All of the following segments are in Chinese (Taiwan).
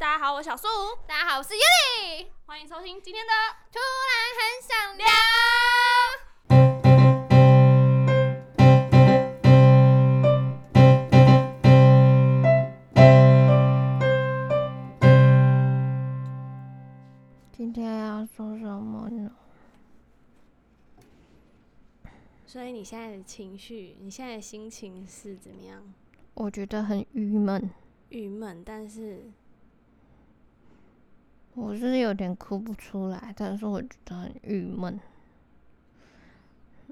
大家好，我小粟。大家好，我是尤里。歡迎收聽今天的《突然很想聊》。今天要說什麼呢？所以你現在的情緒，你現在的心情是怎麼樣？我覺得很鬱悶，鬱悶，但是。我是有點哭不出來，但是我覺得很鬱悶。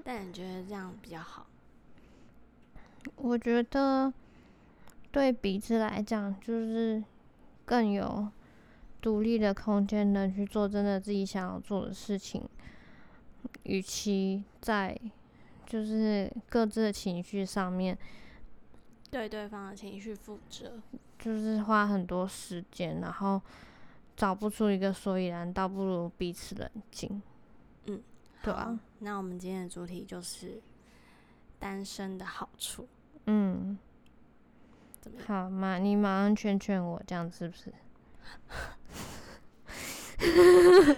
但你覺得這樣比較好？我覺得對彼此來講，就是更有獨立的空間，能去做真的自己想要做的事情。與其在就是各自的情緒上面對對方的情緒負責，就是花很多時間，然後。找不出一個所以然，倒不如彼此冷靜。嗯，好，對啊。那我們今天的主題就是單身的好處。嗯，好嘛，你馬上勸勸我，這樣是不是？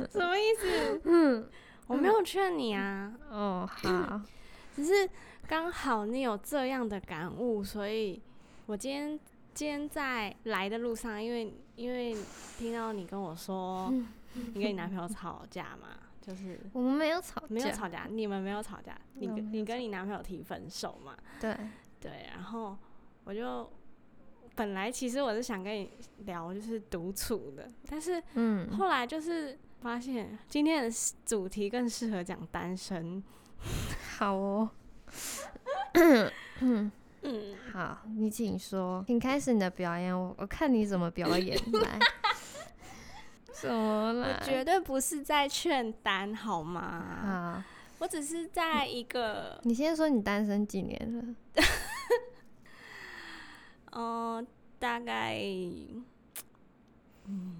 什麼意思？嗯，我沒有勸你啊。哦，好。 只是剛好你有這樣的感悟，所以我今天。今天在來的路上，因為因為聽到你跟我說你跟你男朋友吵架嘛， 就是我們沒有吵，沒有吵架，你們沒有吵架，吵架你跟你跟你男朋友提分手嘛？對對，然後我就本來其實我是想跟你聊就是獨處的，但是嗯，後來就是發現今天的主題更適合講單身，好哦。 嗯，好，你請說，請開始你的表演，我我看你怎麼表演來。怎 麼了？我絕對不是在勸單，好嗎？啊好，我只是在一個。你你先說你單身幾年了？哦、 呃，大概，嗯。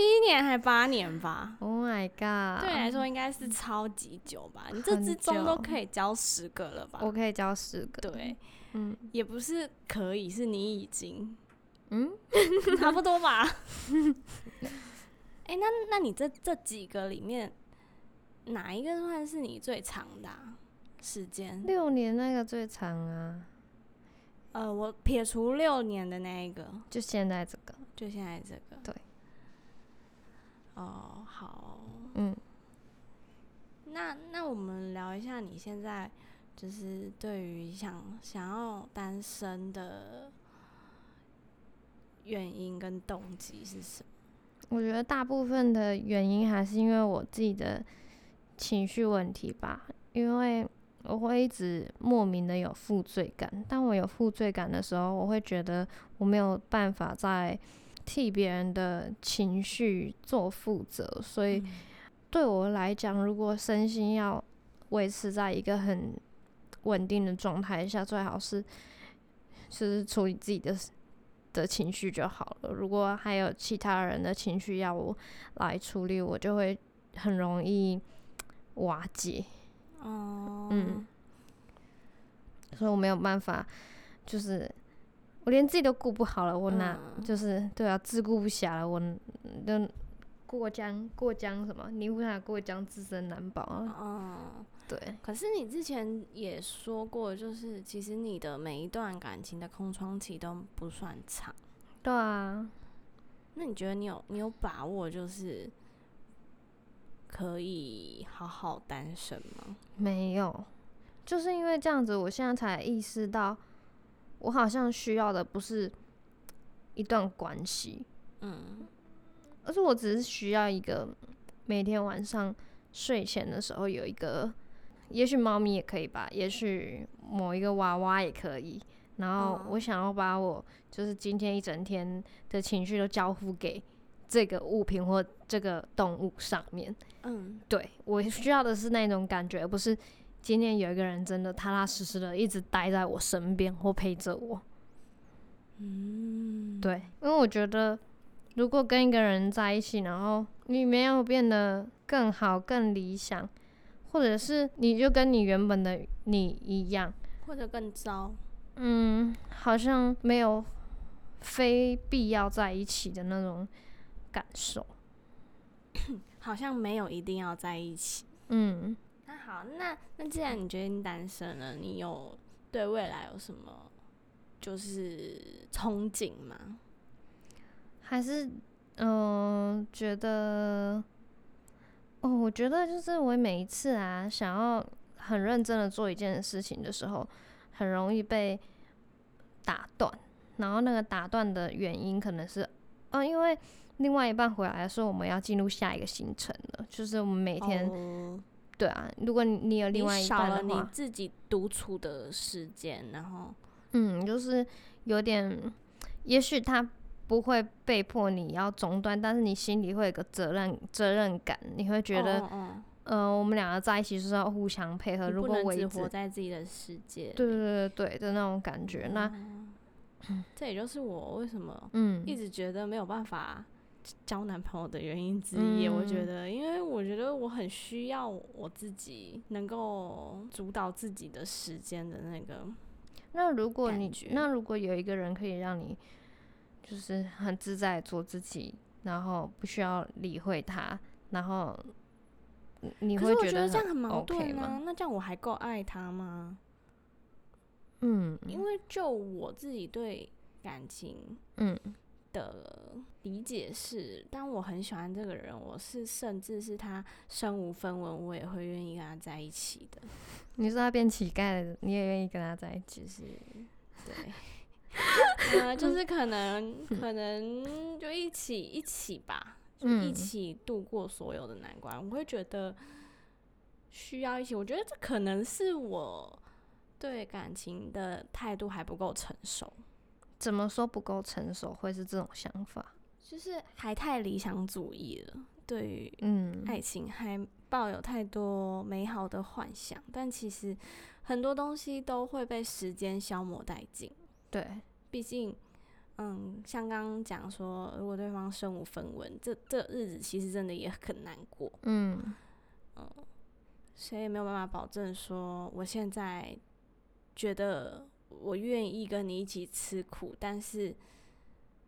七年還八年吧？Oh my god！對你來說應該是超級久吧？你久這之中都可以交十個了吧？我可以交十個。對，嗯，也不是可以，是你已經，嗯， 差不多吧。哎、 欸，那那你這這幾個裡面，哪一個算是你最長的、啊、時間？六年那個最長啊。呃，我撇除六年的那一個，就現在這個，就現在這個。哦，oh, 好，嗯，那，那那我們聊一下，你現在就是對於想想要單身的原因跟動機是什麼？我覺得大部分的原因還是因為我自己的情緒問題吧，因為我會一直莫名的有負罪感。當我有負罪感的時候，我會覺得我沒有辦法再。替別人的情緒做負責，所以對我來講，如果身心要維持在一個很穩定的狀態下，最好是就是處理自己的的情緒就好了。如果還有其他人的情緒要我來處理，我就會很容易瓦解。Oh. 嗯，所以我沒有辦法，就是。我連自己都顧不好了，我哪、嗯、就是對啊，自顧不暇了，我都過江過江什麼泥菩薩過江，自身難保啊。嗯、對。可是你之前也說過，就是其實你的每一段感情的空窗期都不算長。對啊。那你覺得你有你有把握就是可以好好單身嗎？沒有，就是因為這樣子，我現在才意識到。我好像需要的不是一段關係，嗯，而是我只是需要一個每天晚上睡前的時候有一個，也許貓咪也可以吧，也許某一個娃娃也可以。然後我想要把我就是今天一整天的情緒都交付給這個物品或這個動物上面。嗯，對，我需要的是那種感覺，嗯，而不是。今天有一個人真的踏踏實實的一直待在我身邊或陪着我，嗯，對，因為我覺得如果跟一個人在一起，然後你沒有變得更好、更理想，或者是你就跟你原本的你一樣，或者更糟，嗯，好像沒有非必要在一起的那種感受， 好像沒有一定要在一起，嗯。好，那那既然你決定單身了，你有對未來有什麼就是憧憬嗎？還是嗯、呃，覺得哦？我覺得就是我每一次啊，想要很認真的做一件事情的時候，很容易被打斷。然後那個打斷的原因可能是，嗯、哦，因為另外一半回來說我們要進入下一個行程了，就是我們每天。哦對啊，如果你，你有另外一半的話，你少了你自己獨處的時間，然後嗯，就是有點，也許他不會被迫你要中斷，但是你心裡會有個責任責任感，你會覺得，嗯、oh, oh. 呃，我們兩個在一起是要互相配合，不如果我一直活只活在自己的世界，對對對對的那種感覺，那、嗯嗯、這也就是我為什麼嗯一直覺得沒有辦法。交男朋友的原因之一，嗯、我覺得，因為我覺得我很需要我自己能夠主導自己的時間的那個。那如果你那如果有一個人可以讓你就是很自在做自己，然後不需要理會他，然後你會覺得 OK 嗎？可是我覺得這樣很矛盾嗎？那這樣我還夠愛他嗎？嗯，因為就我自己對感情，嗯。的理解是，但我很喜歡這個人，我是甚至是他身無分文，我也會願意跟他在一起的。你說他變乞丐了，你也願意跟他在一起，是？對。啊， 就是可能， 可能就一起哼一起吧，就一起度過所有的難關。嗯、我會覺得需要一起。我覺得這可能是我對感情的態度還不夠成熟。怎麼說不夠成熟，會是這種想法，就是還太理想主義了，對於嗯愛情還抱有太多美好的幻想，嗯、但其實很多東西都會被時間消磨殆盡。對，畢竟嗯，像剛剛講說，如果對方身無分文，這這日子其實真的也很難過。嗯嗯，所以沒有辦法保證說，我現在覺得。我願意跟你一起吃苦，但是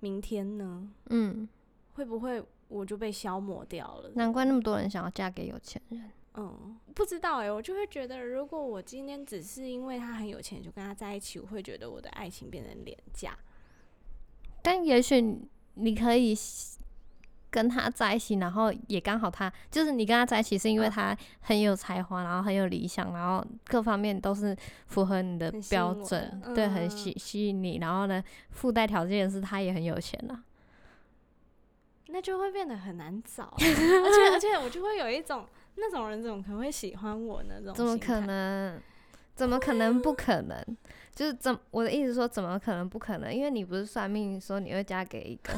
明天呢？嗯，會不會我就被消磨掉了？難怪那麼多人想要嫁給有錢人。嗯，不知道欸，我就會覺得，如果我今天只是因為他很有錢就跟他在一起，我會覺得我的愛情變得廉價。但也許你可以。跟他在一起，然後也剛好他就是你跟他在一起，是因為他很有才華，然後很有理想，然後各方面都是符合你的標準，對，很吸吸引你。嗯，然後呢，附帶條件是他也很有錢，那就會變得很難找。 而且而且我就會有一種那種人怎麼可能會喜歡我那種？怎麼可能？怎麼可能？不可能！哎就是怎，我的意思說，怎麼可能不可能？因為你不是算命，你說你會嫁給一個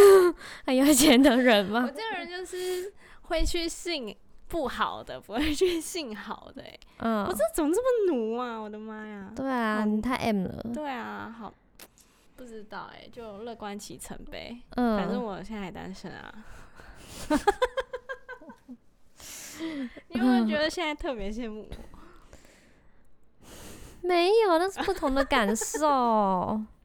很有錢的人嗎？ 我這個人就是會去信不好的，不會去信好的、欸。嗯、哦，我這怎麼這麼奴啊？我的媽呀！對啊，嗯、你太 M 了。對啊，好，不知道哎、欸，就樂觀其成唄。嗯，反正我現在還單身啊。哈哈哈！哈哈！哈哈。你有沒有覺得現在特別羨慕我？沒有，那是不同的感受。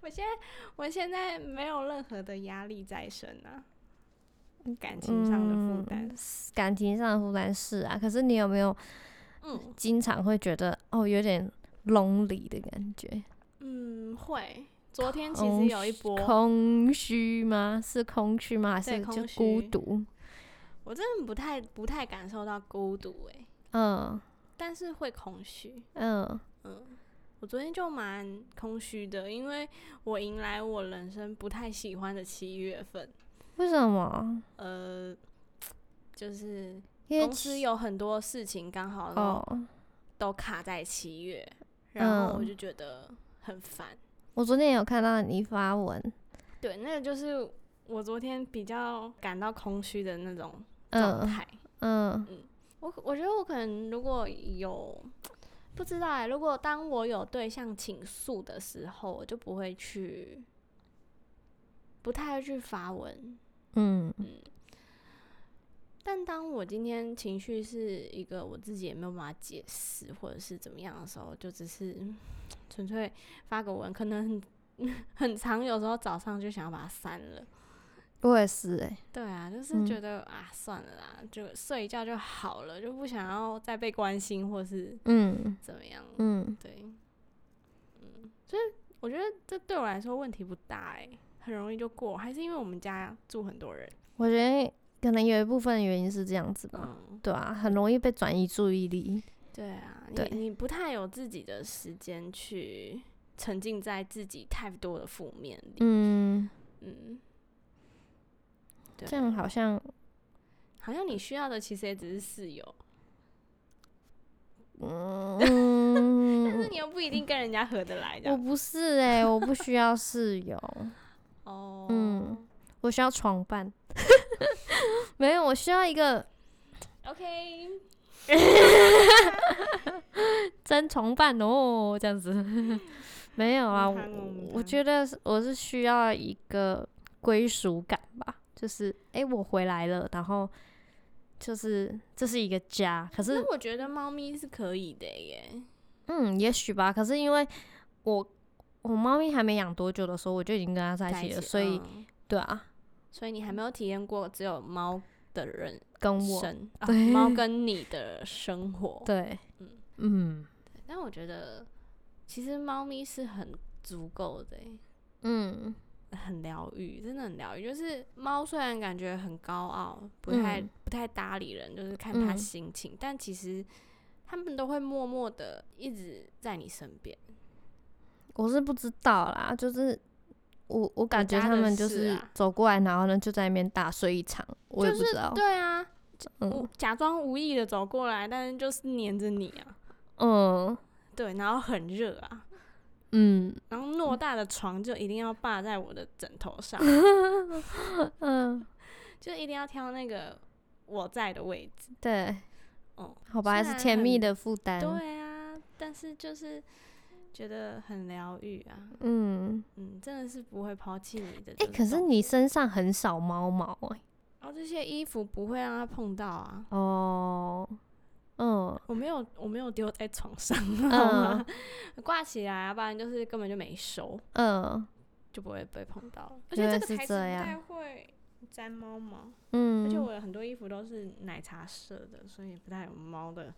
我現在我現在沒有任何的壓力在身啊，感情上的負擔、嗯，感情上的負擔是啊。可是你有沒有，嗯，經常會覺得、嗯、哦，有點 lonely 的感覺？嗯，會。昨天其實有一波空虛嗎？是空虛嗎？還是就孤獨？我真的不太不太感受到孤獨誒、欸。嗯。但是會空虛，嗯嗯，我昨天就蠻空虛的，因為我迎來我人生不太喜歡的七月份。為什麼？呃，就是因為公司有很多事情剛好都、都卡在七月，哦、然後我就覺得很煩。我昨天有看到你發文，對，那個就是我昨天比較感到空虛的那種狀態、嗯，嗯嗯。我我覺得我可能如果有不知道、欸，如果當我有對象傾訴的時候，我就不會去，不太會去發文。嗯嗯。但當我今天情緒是一個我自己也沒有辦法解釋或者是怎麼樣的時候，就只是純粹發個文，可能很很常，有時候早上就想要把它刪了。不會是哎、欸，對啊，就是覺得、嗯、啊，算了啦，就睡一覺就好了，就不想要再被關心，或是嗯怎麼樣，嗯，嗯對，嗯，所以我覺得這對我來說問題不大哎、欸，很容易就過，還是因為我們家住很多人，我覺得可能有一部分原因是這樣子吧，嗯、對啊，很容易被轉移注意力，對啊，對你你不太有自己的時間去沉浸在自己太多的負面裡，嗯嗯。嗯對這樣好像，好像你需要的其實也只是室友，嗯， 但是你又不一定跟人家合得來，的。我不是哎、欸，我不需要室友，哦， 嗯，oh. 我需要床伴， 沒有，我需要一個，OK， 真床伴哦，這樣子， 沒有啊，我覺得我是需要一個歸屬感吧。就是哎、欸，我回來了，然後就是這是一個家。可是、嗯、我覺得貓咪是可以的耶。嗯，也許吧。可是因為我我貓咪還沒養多久的時候，我就已經跟它在一起了，太久，所以對啊。所以你還沒有體驗過只有貓的人跟我生、啊、貓跟你的生活。對，嗯嗯。嗯，但我覺得其實貓咪是很足夠的。嗯。很療癒，真的很療癒。就是貓雖然感覺很高傲，不太、嗯、不太搭理人，就是看他心情。嗯、但其實他們都會默默的一直在你身邊。我是不知道啦，就是我我感覺他們就是走過來，然後呢就在那邊大睡一場。我也不知道。就是對啊，嗯、假裝無意的走過來，但是就是黏着你啊。嗯，對，然後很熱啊。嗯，然後偌大的床就一定要霸在我的枕頭上，嗯， 就一定要挑那個我在的位置。對，哦，好吧，還是甜蜜的負擔。對啊，但是就是覺得很療癒啊，嗯嗯，真的是不會拋棄你的。哎、欸，可是你身上很少貓毛誒、欸，然後、哦、這些衣服不會讓它碰到啊。哦。嗯，我沒有，我沒有丟在床上，嗯，掛起來，要不然就是根本就沒收，嗯，就不會被碰到。而且這個材質不太會粘貓毛，嗯，而且我有很多衣服都是奶茶色的，所以不太有貓的，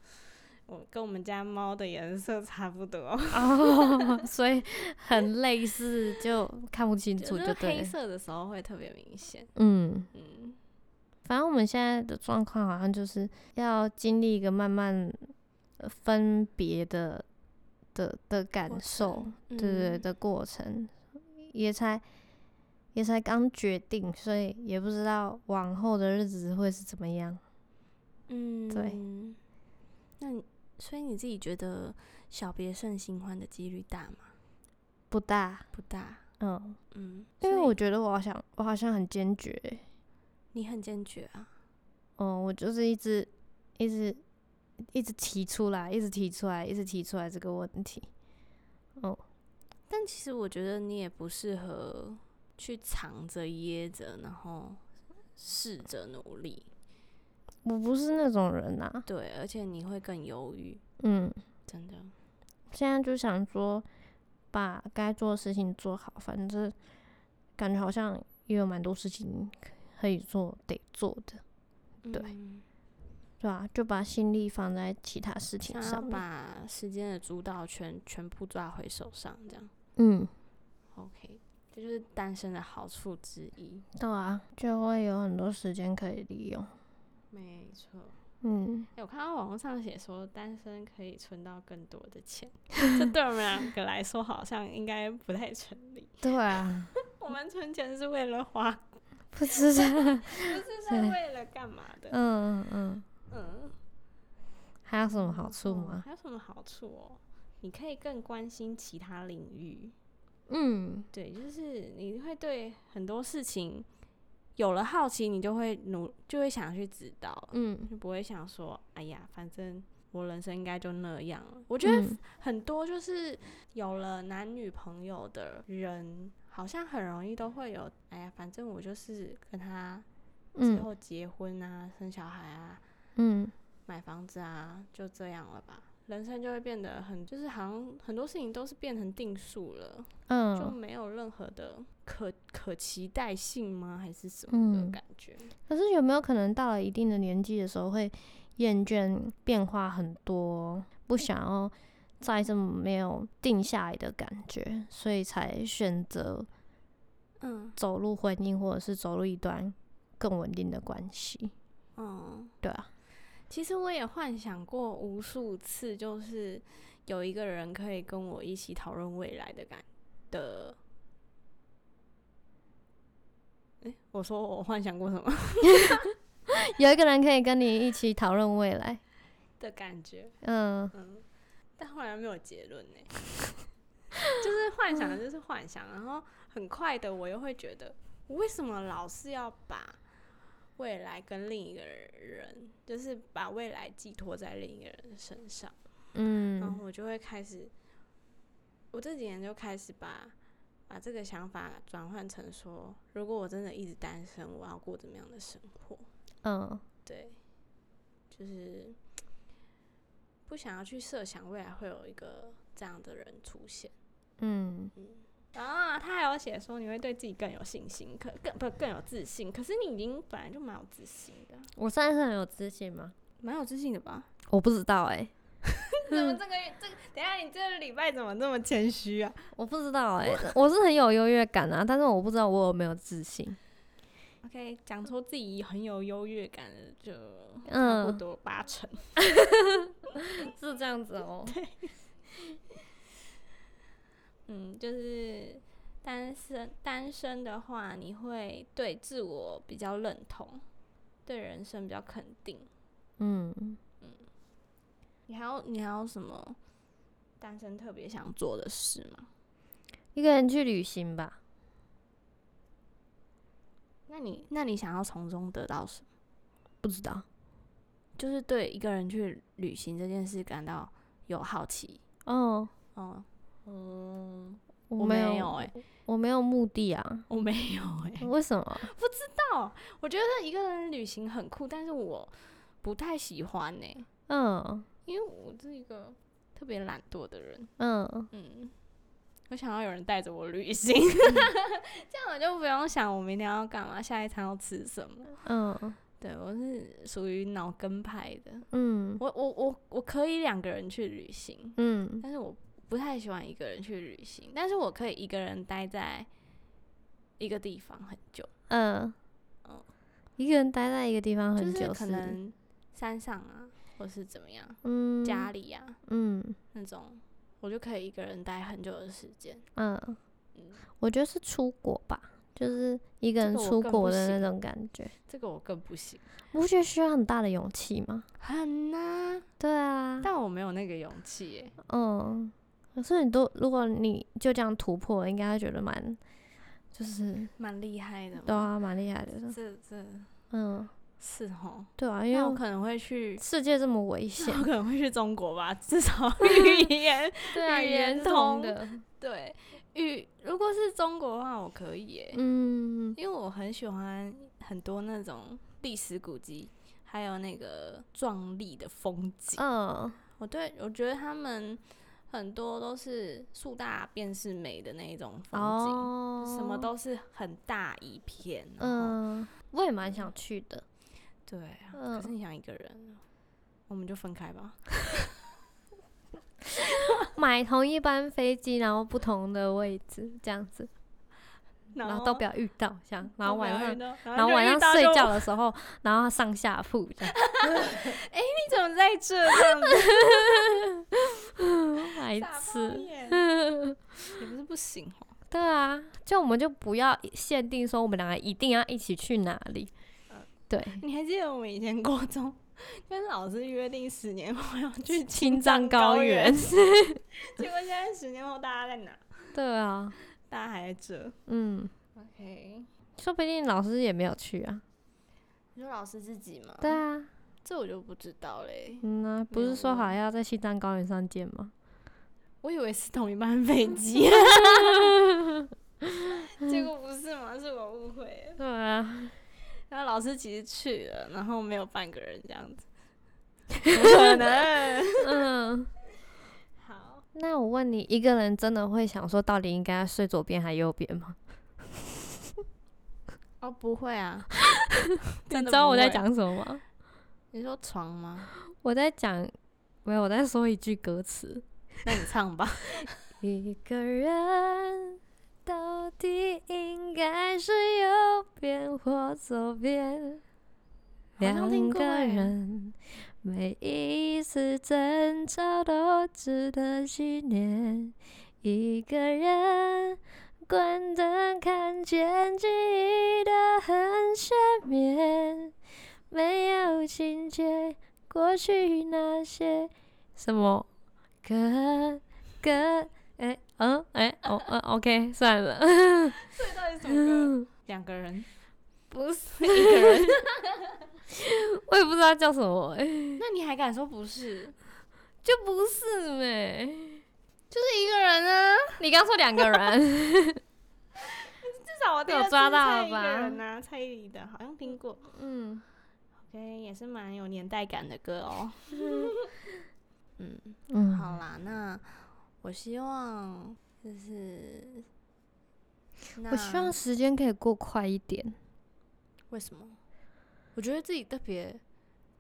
我跟我們家貓的顏色差不多，哦，所以很類似， 就看不清楚就對，就黑色的時候會特別明顯，嗯嗯。嗯反正我們現在的狀況好像就是要經歷一個慢慢分別的的的感受，過程，對對對的過程，嗯，也才也才剛決定，所以也不知道往後的日子會是怎麼樣。嗯，對。那所以你自己覺得小別勝新歡的幾率大嗎？不大，不大。嗯嗯。嗯，因為我覺得我好像我好像很堅決欸。你很堅決啊！哦，我就是一直、一直、一直提出來，一直提出來，一直提出來這個問題。哦，但其實我覺得你也不適合去藏着掖着，然後試着努力。我不是那種人吶、啊。對，而且你會更猶豫。嗯，真的。現在就想說，把該做的事情做好。反正感覺好像也有蠻多事情。可以做得做的，對，嗯、對吧、啊？就把心力放在其他事情上，把時間的主導權全部抓回手上，這樣。嗯，OK，這就是單身的好處之一。對啊，就會有很多時間可以利用。沒錯錯。嗯。有、欸、看到網絡上寫說單身可以存到更多的錢， 這對我們兩個來說好像應該不太成立。對啊。 我們存錢是為了花。 不是在， 不是在為了幹嘛的？嗯嗯嗯嗯，嗯嗯還有什麼好處嗎？還有什麼好處哦？你可以更關心其他領域。嗯，對，就是你會對很多事情有了好奇，你就會努，就會想去知道。嗯，就不會想說，哎呀，反正我人生應該就那樣。我覺得很多就是有了男女朋友的人。嗯好像很容易都會有，哎呀，反正我就是跟他之後結婚啊，嗯、生小孩啊，嗯，買房子啊，就這樣了吧。人生就會變得很，就是好像很多事情都是變成定數了，嗯，就沒有任何的可可期待性嗎？還是什麼的感覺？嗯、可是有沒有可能到了一定的年紀的時候，會厭倦變化很多，不想要，嗯。再這麼沒有定下來的感覺，所以才選擇，嗯，走入婚姻或者是走入一段更穩定的關係。嗯，對啊。其實我也幻想過無數次，就是有一個人可以跟我一起討論未來的感的、欸。我說我幻想過什麼？ 有一個人可以跟你一起討論未來的感覺。嗯。嗯但後來沒有結論呢、欸， 就是幻想就是幻想，嗯、然後很快的我又會覺得，我為什麼老是要把未來跟另一個人，就是把未來寄託在另一個人的身上，嗯，然後我就會開始，我這幾年就開始把把這個想法轉換成說，如果我真的一直單身，我要過怎麼樣的生活？嗯，對，就是。不想要去設想未來會有一個這樣的人出現，嗯,嗯啊，他還有寫說你會對自己更有信心，可更不更有自信。可是你已經本來就蠻有自信的，我算是很有自信嗎？蠻有自信的吧？我不知道哎、欸，怎麼這個這個？等一下，你這個禮拜怎麼那麼謙虛啊？ 我不知道哎、欸，我是很有優越感啊，但是我不知道我有沒有自信。OK，講出自己很有優越感的就差不多八成。嗯 是這樣子哦。對。 嗯，就是單身，單身的話，你會對自我比較認同，對人生比較肯定。嗯嗯。你還有，你還有什麼？單身特別想做的事嗎？一個人去旅行吧。那你，那你想要從中得到什麼？不知道。就是對一個人去旅行這件事感到有好奇。嗯嗯嗯，我沒有誒，我沒有目的啊，我沒有誒、欸，為什麼？不知道。我覺得一個人旅行很酷，但是我不太喜歡誒、欸，嗯，uh, 因為我是一個特別懶惰的人。嗯、uh, 嗯，我想要有人帶着我旅行， 這樣我就不用想我明天要幹嘛，下一餐要吃什麼。嗯。Uh, 對，我是屬於腦梗派的。嗯，我我我我可以兩個人去旅行。嗯，但是我不太喜歡一個人去旅行。但是我可以一個人待在一個地方很久。嗯嗯、呃，哦、一個人待在一個地方很久，就是可能山上啊，或是怎麼樣。嗯，家裡啊，嗯，那種我就可以一個人待很久的時間。呃、嗯，我覺得是出國吧。就是一個人出國的那種感覺，這個我更不行。這個，我覺得需要很大的勇氣嗎？很吶、啊，對啊。但我沒有那個勇氣。嗯，可是你都，如果你就這樣突破，應該會覺得蠻，就是蠻厲、嗯害，啊、害的。對啊，蠻厲害的。是是，嗯，是哦齁。對啊，因為我可能會去世界這麼危險，我可能會去中國吧，至少語言 對啊，語言通的對。如果是中國的話，我可以耶、欸。嗯、因為我很喜歡很多那種歷史古蹟，還有那個壯麗的風景。嗯、我對我覺得他們很多都是數大便是美的那一種風景，哦、什麼都是很大一片。嗯，我也蠻想去的。對、嗯、可是你想一個人，我們就分開吧。 買同一班飛機，然後不同的位置這樣子，然後都不要遇到，這樣。然後晚上，然後晚上睡覺的時候，然後上下鋪這樣。哎、 欸，你怎麼在這這樣子？孩子，也 不是不行，哦，對啊，就我們就不要限定說我們兩個一定要一起去哪裡。嗯、對，你還記得我們以前高中？跟老師約定十年後要去青藏高原，結果現在十年後大家在哪？對啊，大家還在這。嗯，OK，說不定老師也沒有去啊？你說老師自己嗎？對啊，這我就不知道嘞。嗯啊，不是說好要在青藏高原上見嗎？我以為是同一班飛機， 結果不是嗎？是我誤會。對啊。那老師其實去了，然後沒有半個人這樣子，不可能。 嗯， 好，那我問你，一個人真的會想說到底應該睡左邊還是右邊嗎？哦，不會啊。你 知道我在講什麼嗎？你說床嗎？我在講，沒有，我在說一句歌詞。那你唱吧， 一個人。到底應該是右邊或左邊？兩個人每一次爭吵都值得紀念。一個人關燈看見記憶的很鮮明，沒有情節，過去那些什麼哥哥。哎，嗯，哎，哦，嗯，OK，算了。這到底什麼歌？兩個人，不是一個人。我也不知道叫什麼。那你還敢說不是？就不是唄，就是一個人啊。你剛說兩個人。至少我第一個猜一個人啊，蔡依林的，好像聽過。嗯，OK，也是蠻有年代感的歌哦。嗯嗯，好啦，那。我希望就是我希望時間可以過快一點。為什麼？我覺得自己特別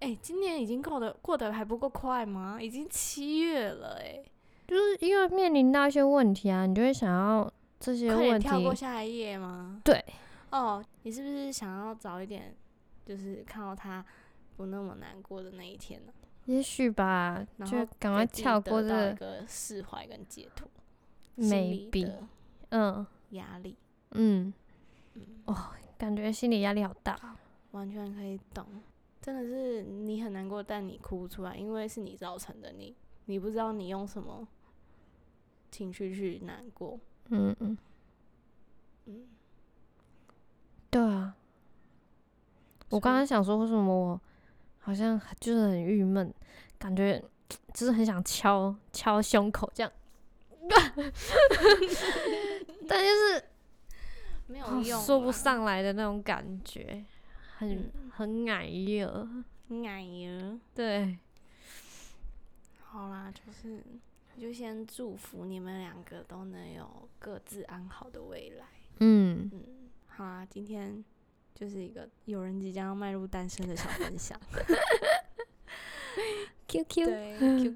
哎，今年已經過得過得還不夠快嗎？已經七月了哎，就是因為面臨那些問題啊，你就會想要這些問題跳過下一頁嗎？對。哦，你是不是想要早一點，就是看到他不那麼難過的那一天呢？也許吧，就趕快跳過這個釋懷跟解脫，maybe 嗯壓力嗯，嗯、哦，感覺心理壓力好大，完全可以懂，真的是你很難過，但你哭不出來，因為是你造成的，你你不知道你用什麼情緒去難過，嗯嗯嗯，對啊，我剛剛想說為什麼我。好像就是很鬱悶，感覺就是很想敲敲胸口這樣， 但就是沒有說不上來的那種感覺，很、嗯、很矮喲，很矮喲，對。好啦，就是就先祝福你們兩個都能有各自安好的未來。嗯嗯，好啦，今天。就是一個有人即將要邁入單身的小分享，Q，QQ，Q。對，Q Q